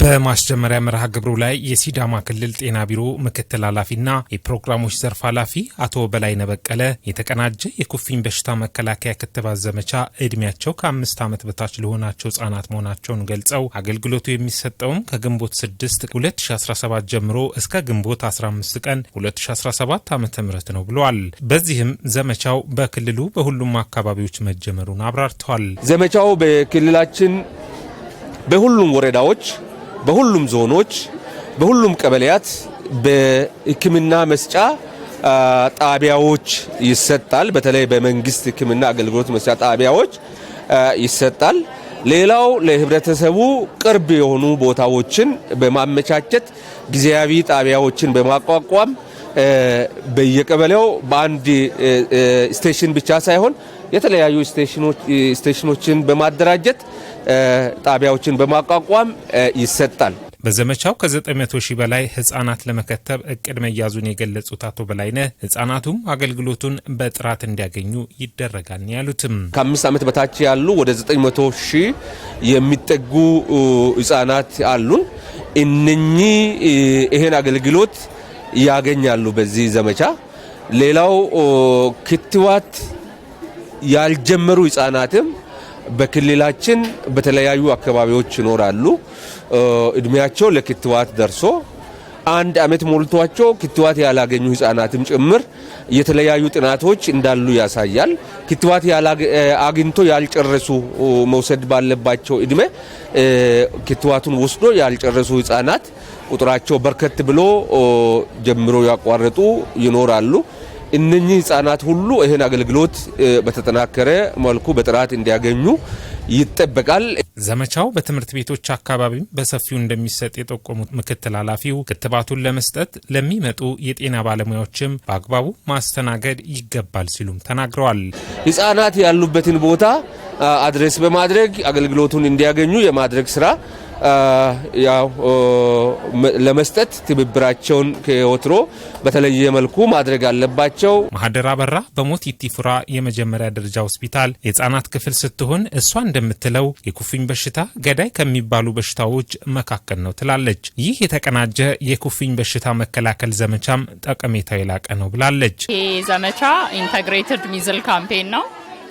በማስጀመሪያ መርሃ ግብሩ ላይ የሲዳማ ክልል ጤና ቢሮ ምክትል ኃላፊና የፕሮግራሞች ዘርፍ ኃላፊ አቶ በላይ ነበቀለ የተቀናጀ የኩፍኝ በሽታ መከላከያ ክትባት ዘመቻ እድሜያቸው ከአምስት ዓመት በታች ለሆናቸው ህጻናት መሆናቸውን ገልጸው አገልግሎቱ የሚሰጠውም ከግንቦት 6 2017 ጀምሮ እስከ ግንቦት 15 ቀን 2017 ዓ ም ነው ብለዋል። በዚህም ዘመቻው በክልሉ በሁሉም አካባቢዎች መጀመሩን አብራርተዋል። ዘመቻው በክልላችን በሁሉም ወረዳዎች በሁሉም ዞኖች፣ በሁሉም ቀበሌያት በሕክምና መስጫ ጣቢያዎች ይሰጣል። በተለይ በመንግስት ሕክምና አገልግሎት መስጫ ጣቢያዎች ይሰጣል። ሌላው ለህብረተሰቡ ቅርብ የሆኑ ቦታዎችን በማመቻቸት ጊዜያዊ ጣቢያዎችን በማቋቋም በየቀበሌው በአንድ ስቴሽን ብቻ ሳይሆን የተለያዩ ስቴሽኖችን በማደራጀት ጣቢያዎችን በማቋቋም ይሰጣል። በዘመቻው ከ900 ሺህ በላይ ህጻናት ለመከተብ እቅድ መያዙን የገለጹት አቶ በላይነህ ህጻናቱም አገልግሎቱን በጥራት እንዲያገኙ ይደረጋል ያሉትም ከአምስት ዓመት በታች ያሉ ወደ 900 ሺህ የሚጠጉ ህጻናት አሉን። እነኚህ ይህን አገልግሎት ያገኛሉ በዚህ ዘመቻ። ሌላው ክትባት ያልጀመሩ ህጻናትም በክልላችን በተለያዩ አካባቢዎች ይኖራሉ። እድሜያቸው ለክትባት ደርሶ አንድ አመት ሞልቷቸው ክትባት ያላገኙ ህጻናትም ጭምር የተለያዩ ጥናቶች እንዳሉ ያሳያል። ክትባት አግኝቶ ያልጨረሱ መውሰድ ባለባቸው እድሜ ክትባቱን ወስዶ ያልጨረሱ ህጻናት ቁጥራቸው በርከት ብሎ ጀምሮ ያቋረጡ ይኖራሉ። እነኚህ ህጻናት ሁሉ ይህን አገልግሎት በተጠናከረ መልኩ በጥራት እንዲያገኙ ይጠበቃል። ዘመቻው በትምህርት ቤቶች አካባቢም በሰፊው እንደሚሰጥ የጠቆሙት ምክትል ኃላፊው ክትባቱን ለመስጠት ለሚመጡ የጤና ባለሙያዎችም በአግባቡ ማስተናገድ ይገባል ሲሉም ተናግረዋል። ህጻናት ያሉበትን ቦታ አድሬስ በማድረግ አገልግሎቱን እንዲያገኙ የማድረግ ስራ ያው ለመስጠት ትብብራቸውን ከወትሮ በተለየ መልኩ ማድረግ አለባቸው። ማህደር አበራ በሞት ኢቲፉራ የመጀመሪያ ደረጃ ሆስፒታል የህጻናት ክፍል ስትሆን እሷ እንደምትለው የኩፍኝ በሽታ ገዳይ ከሚባሉ በሽታዎች መካከል ነው ትላለች። ይህ የተቀናጀ የኩፍኝ በሽታ መከላከል ዘመቻም ጠቀሜታ የላቀ ነው ብላለች። ይህ ዘመቻ ኢንተግሬትድ ሚዝል ካምፔን ነው።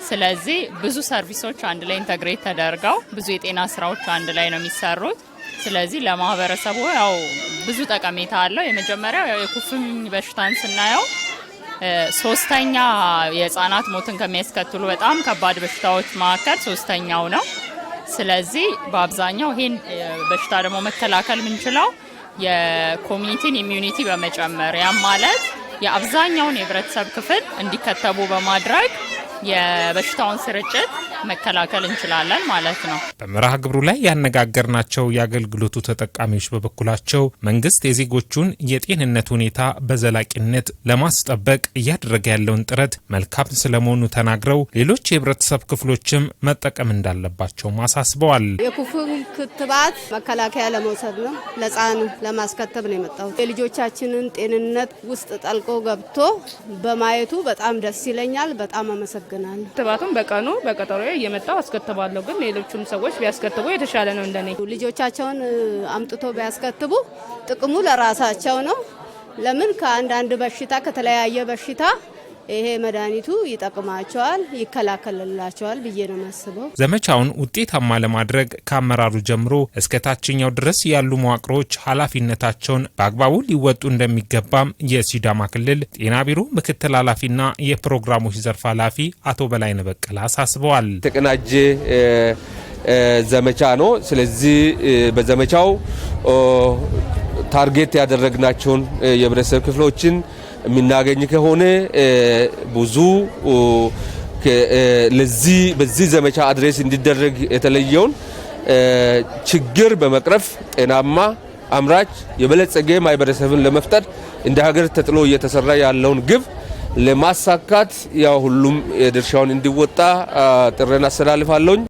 ስለዚህ ብዙ ሰርቪሶች አንድ ላይ ኢንተግሬት ተደርገው ብዙ የጤና ስራዎች አንድ ላይ ነው የሚሰሩት። ስለዚህ ለማህበረሰቡ ያው ብዙ ጠቀሜታ አለው። የመጀመሪያው ያው የኩፍኝ በሽታን ስናየው ሶስተኛ የህጻናት ሞትን ከሚያስከትሉ በጣም ከባድ በሽታዎች መካከል ሶስተኛው ነው። ስለዚህ በአብዛኛው ይህን በሽታ ደግሞ መከላከል የምንችለው የኮሚኒቲን ኢሚዩኒቲ በመጨመር ያም ማለት የአብዛኛውን የህብረተሰብ ክፍል እንዲከተቡ በማድረግ የበሽታውን ስርጭት መከላከል እንችላለን ማለት ነው። በመርሃ ግብሩ ላይ ያነጋገርናቸው የአገልግሎቱ ተጠቃሚዎች በበኩላቸው መንግስት የዜጎቹን የጤንነት ሁኔታ በዘላቂነት ለማስጠበቅ እያደረገ ያለውን ጥረት መልካም ስለመሆኑ ተናግረው ሌሎች የህብረተሰብ ክፍሎችም መጠቀም እንዳለባቸውም አሳስበዋል። የኩፍኝ ክትባት መከላከያ ለመውሰድ ነው፣ ለህፃኑ ለማስከተብ ነው የመጣሁት። የልጆቻችንን ጤንነት ውስጥ ጠልቆ ገብቶ በማየቱ በጣም ደስ ይለኛል። በጣም አመሰግ አመሰግናለሁ። ክትባቱም በቀኑ በቀጠሮ እየመጣው አስከትባለሁ፣ ግን ሌሎቹም ሰዎች ቢያስከትቡ የተሻለ ነው። እንደኔ ልጆቻቸውን አምጥቶ ቢያስከትቡ ጥቅሙ ለራሳቸው ነው። ለምን ከአንዳንድ በሽታ ከተለያየ በሽታ ይሄ መድኃኒቱ ይጠቅማቸዋል፣ ይከላከልላቸዋል ብዬ ነው የማስበው። ዘመቻውን ውጤታማ ለማድረግ ከአመራሩ ጀምሮ እስከ ታችኛው ድረስ ያሉ መዋቅሮች ኃላፊነታቸውን በአግባቡ ሊወጡ እንደሚገባም የሲዳማ ክልል ጤና ቢሮ ምክትል ኃላፊና የፕሮግራሞች ዘርፍ ኃላፊ አቶ በላይነህ በቀለ አሳስበዋል። የተቀናጀ ዘመቻ ነው። ስለዚህ በዘመቻው ታርጌት ያደረግናቸውን የህብረተሰብ ክፍሎችን የምናገኝ ከሆነ ብዙ ለዚህ በዚህ ዘመቻ አድሬስ እንዲደረግ የተለየውን ችግር በመቅረፍ ጤናማ አምራች የበለጸገ ማህበረሰብን ለመፍጠር እንደ ሀገር ተጥሎ እየተሰራ ያለውን ግብ ለማሳካት ያው ሁሉም የድርሻውን እንዲወጣ ጥሬን አስተላልፋለሁኝ።